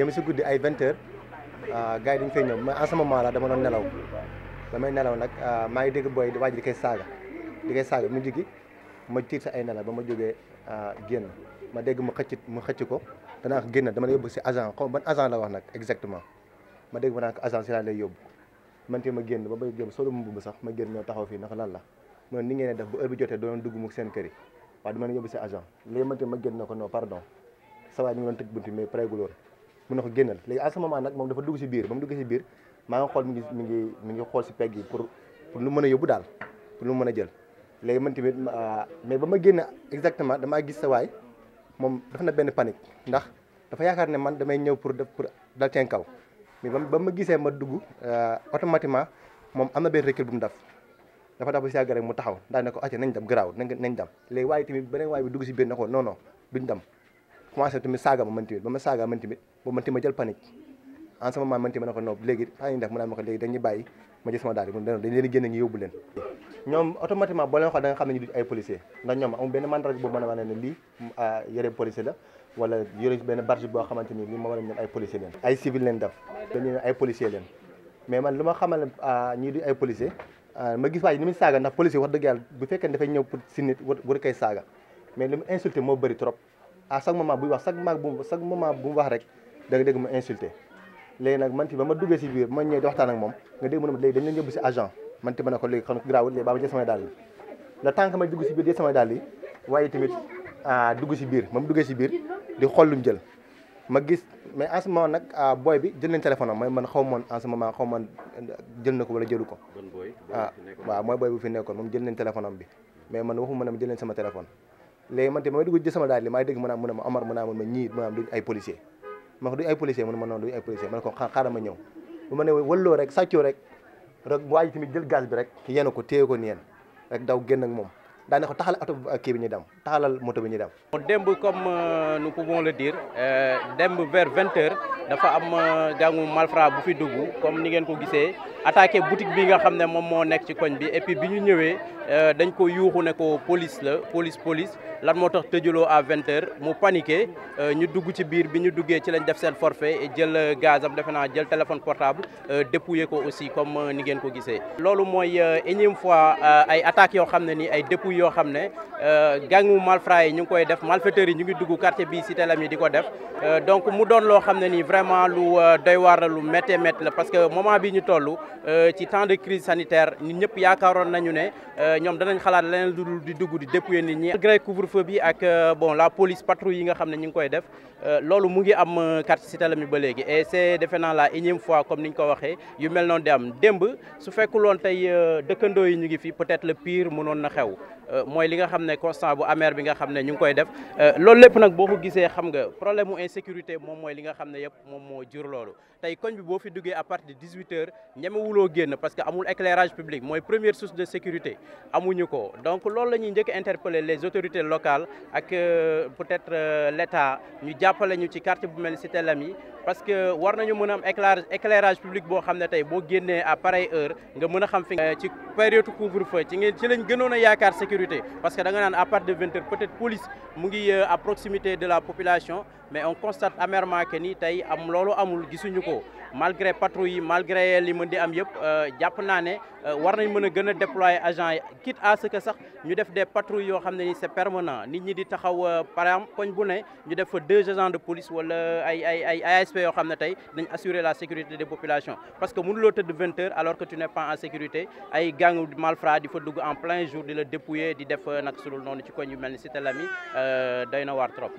dem si guddi ay vingt heures ah, gars yi dañu fay ñëw mais en ce dama doon nelaw ba may nelaw nag ah, maa ngi dégg booy waa ji di koy saaga di mu diggi ma tiit sa ay nelaw ba ma jógee ah, génn ma dégg mu xëcc mu xëcc ko danaa génn dama lay si agent xaw ban agent wax nag exactement ma dégg ma naa ko agent si laa lay yóbbu man te ma génn ba bay génn solo mu mbubb sax ma génn ñoo taxaw fii naka lan la man ni ngeen def ba heure bi jotee doon dugg seen kër yi waaw dama lay yóbbu si agent léegi man te ma génn na ko non pardon sa a ñu ngi doon tëj bunti mais pareegul woon mun na ko génnal léegi à ce moment nag moom dafa dugg si biir ba mu dugg si biir maa ngi xool mi ngi mi ngi mi ngi xool si pegg pour lu mën a yóbbu daal pour lu mën a jël léegi man tamit ah, mais ba ma génn exactement damaa gis sa waay moom def na benn panique ndax dafa yaakaar ne man damay ñëw pour pour dal seen kaw mais ba ma gisee ma dugg ah, automatiquement moom am na benn recul bu mu def dafa daf si yàgg rek mu taxaw daal ne ko acca nañ dem garaaw nañ dem léegi waaye tamit beneen waay bi dugg si biir ne ko non non duñ dem commencé tamit saaga ma man tamit ba ma saaga man ma jël panique en ce moment man tamit ma ne ko non léegi faa ñu def mu ne ma ko léegi dañuy sama daal di génne ngi yóbbu leen ñoom automatiquement boo leen xool da xam ne ñu du ay policier ndax ñoom amul benn mandarga boobu a wane ne lii mm, ah, boo xamante ni lii moo wane ne ay policier leen mais man lu ma xamal ah, ñii du ay policier ah, ma gis waa ji ni muy saaga ndax policier wax dëgg yàlla bu fekkee dafay ñëw pour si nit war koy saaga mais li mu insulté moo bëri trop à chaque moment buy wax chaque moment bu chaque moment bu mu wax rek da nga dégg mu insulté léegi nag man fi ba ma duggee si biir ma ñëwee di waxtaan ak moom nga dégg mu ne ti ma ko léegi xam grawul léegi baa ma jël ma dugg si biir jël samay dàll yi dugg si biir ma mu duggee si biir di xool lu mu jël ma gis mais en ce moment nag booy bi jël nañ téléphone am man xaw moon en ce moment xaw moon euh, jël na ko wala jëlu ko ah waaw mooy booy bu fi nekkoon moom jël nañ téléphone mais man waxuma ne ma jël nañ sama téléphone léegi man te may dugg ci sama daal li maay dégg mu naan ma Omar mu naan ma ñii maanaam ay policier ma ko duñ ay policier mu ne ma noonu duñ ay policier ma ne ko xaaral ma ñëw bu ma ne walloo rek sàccoo rek rek waa ji tamit jël gaz bi rek yenu ko téye ko neen rek daw génn ak moom daa ne ko taxal oto kii bi ñu dem talal moto bi ñu dem. démb comme euh, nous pouvons le dire euh, démb vers 20h dafa am gàngu euh, malfra bu fi dugg comme ni ngeen ko gisee attaqué boutique bi nga xam mom mo nek ci koñ bi et puis bi ñu ñëwee dañ ko yuuxu ne ko police la police police lan moo tax tëjuloo à 20h mu paniqué ñu dugg ci biir bi ñu duggee ci lañ def seen forfait jël gazam defe naa jël téléphone portable dépouillé ko aussi comme ni ngeen ko gisee. lolu moy énième fois ay attaque yo xam ni ay dépouilles yo xam ne gàngu malfrats yi ñu ngi koy def malfaiteurs yi ñu ngi dugg quartier bi Cité Lamy di ko def euh, donc mu doon loo xam ne nii vraiment lu euh, doy waar lu méttee métti la parce que moment bi ñu toll euh, ci temps de crise sanitaire ñun ñëpp yaakaaroon nañu ne ñoom danañ xalaat leneen lu di dugg di dépouyer nit ñi malgré couvre-feu bi ak bon la police patrouille yi nga xam ne ñu ngi koy def loolu mu ngi am quartier Cité Lamy ba léegi et c'est defe naa la énième fois comme ni ñu ko waxee yu mel noonu di am démb su fekkuloon tey dëkkandoo yi ñu ngi fi peut-être le pire mënoon na xew mooy li nga xam ne constat bu am maire bi nga xamné ñu koy def euh, loolu lepp nak boo gisé xam nga problème insécurité mom moy li nga xamné yépp mom mo moo jur loolu tay koñ bi bo fi duggé à partir de 18 heures ñemewuloo génn parce que amul éclairage public moy première source de sécurité amuñu ko donc loolu lañuy ñuy interpeller les autorités locales ak euh, peut-être euh, l'État ñu jàppale ñu ci quartier bu mel ni Cité Lamy parce que war nañu mëna am éclairage éclairage public bo xamné tay bo génné à pareille heure nga mëna xam fi ci période couvre-feu ci ngeen ci lañ gënoon a sécurité parce que da nga naan à partir de 20, h peut-être police mu ngi euh, à proximité de la population mais on constate amèrement que ni tay am lolu amul gisuñu ko malgré patrouille malgré li mën di am yëpp euh, japp naané euh, war nañ mëna gëna déployer agents quitte à ce que sax ñu def des patrouilles yoo xam ne ni c'est permanent nit ñi di taxaw euh, par exemple koñ bu ne ñu def fa deux agents de police wala ay ay ay ASP yoo xam ne tey dañ assurer la sécurité des populations parce que mënuloo tëdd 20 heures alors que tu n'es pas en sécurité ay gang malfrats di fa dugg en plein jour di la dépouiller di def euh, nag sulul noonu ci koñ yu mel ni Cité Lamy euh, doy na waar trop